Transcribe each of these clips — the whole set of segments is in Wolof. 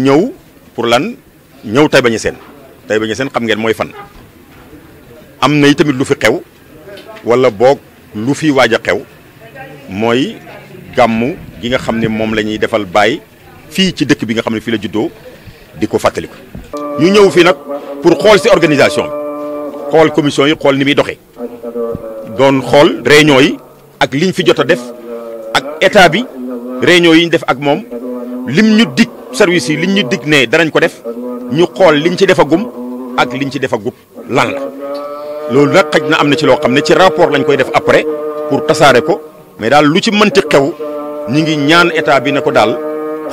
ñu ñëw pour lan ñëw Taïba Niassène Taïba Niassène xam ngeen mooy fan am na tamit lu fi xew wala boog lu fi waaj a xew mooy gàmm gi nga xam ne moom la ñuy defal baay fii ci dëkk bi nga xam ne fii la juddoo di ko fàttaliku. ñu ñëw fii nag pour xool si organisation bi xool commission yi xool ni muy doxee doon xool réunion yi ak liñ fi jot a def ak état bi réunion yi ñu def ak moom lim ñu dikk service yi liñ ñu dig ne danañ ko def ñu xool liñ ci defagum ak liñ ci defagum lan la loolu nag xaj na am na ci loo xam ne ci rapport lañ koy def après pour tasaare ko mais daal lu ci mënti xew ñu ngi ñaan état bi ne ko daal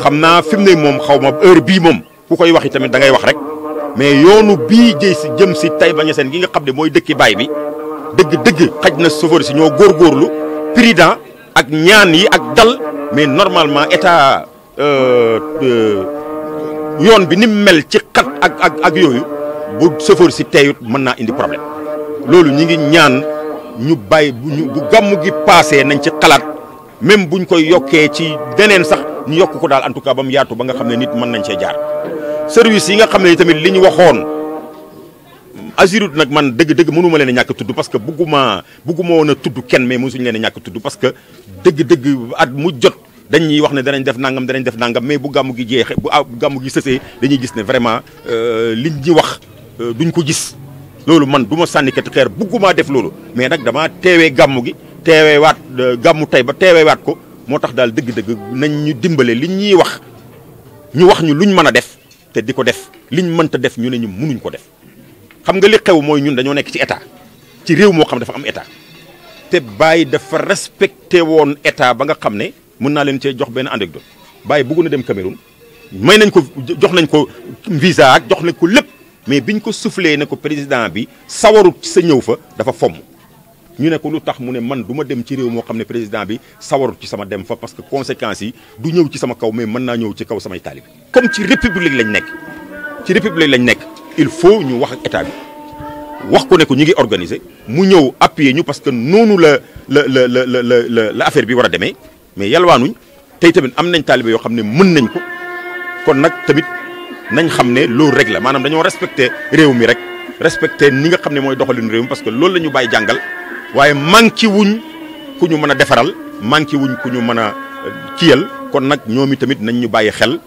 xam naa fi mu ne moom xaw ma heure bii moom ku koy waxi tamit da ngay wax rek mais yoonu bii jëy si jëm si Taïba Niassène gi nga xam ne mooy dëkki baay bi dëgg dëgg xaj na chauffeur si ñoo góorlu prudent ak ñaan yi ak dal mais normalement état. Euh, euh, yoon bi ni mu mel ci xat ak ak ak yooyu bu chauffeur si teyut mën naa indi problème loolu ñi ngi ñaan ñu bàyyi bu gàmm gi paasee nañ ci xalaat même buñ koy yokkee ci deneen sax ñu yokku ko daal en tout cas ba mu yaatu ba nga xam ne nit mën nañ see jaar service yi nga xam ne tamit li ñu waxoon Azurut nag man dëgg dëgg mënu ma leen a ñàkk tudd parce que bugguma bugguma woon a tudd kenn mais mosuñu leen a ñàkk tudd parce que dëgg dëgg at mu jot dañ wax ne danañ def nangam danañ def nangam mais bu gàmmu gi jeexee bu gàmmu gi sësee dañuy gis ne vraiment euh, liñ ñi wax euh, duñ ko gis loolu man du ma sànnikati xeer buggumaa def loolu mais nag damaa teewee gàmmu gi teewee waat euh, gàmmu tey ba teewee waat ko moo tax daal dëgg-dëgg nañ ñu dimbale liñ ñuy wax ñu wax ñu lu ñu mën a def te di ko def li ñu liñ mënta def ñu ne ñu munuñ ko def xam nga li xew mooy ñun dañoo nekk ci état ci réew moo xam dafa am état te bàyyi dafa respecté woon état ba nga xam ne mun naa leen cee jox benn anecdote bàyyi buggu na dem Cameroun may nañ ko jox nañ ko visa ak jox nañ ko lépp mais biñ ko soufflé ne ko président bi sawarut sa ñëw fa dafa fomm ñu ne ko lu tax mu ne man du ma dem ci réew moo xam ne président bi sawarut ci sama dem fa parce que conséquences yi du ñëw ci sama kaw mais mën naa ñëw ci kaw samay taalib comme ci république lañ nekk ci république lañ nekk il faut ñu wax ak état bi wax ko ne ko ñu ngi organiser mu ñëw appuyer ñu parce que noonu la la la la la la affaire bi war a demee mais yalwaanuñ tey tamit am nañ taalibe yoo xam ne mën nañ ko kon nag tamit nañ xam ne loolu rek la maanaam dañoo respecté réew mi rek respecté ni nga xam ne mooy doxalin réew mi parce que loolu la ñu jàngal waaye manqué wuñ ku ñu mën a defaral manqué wuñ ku ñu mën a euh, kiyal kon nag ñoom i tamit nañ ñu bàyyi xel